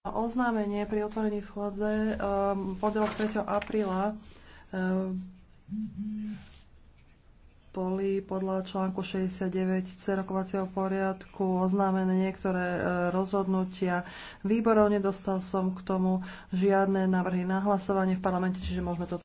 Oznámenie pri otvorení schôdze um, podľa 3. apríla um, boli podľa článku 69 cerokovacieho poriadku oznámené niektoré uh, rozhodnutia výborov. Nedostal som k tomu žiadne návrhy na hlasovanie v parlamente, čiže môžeme to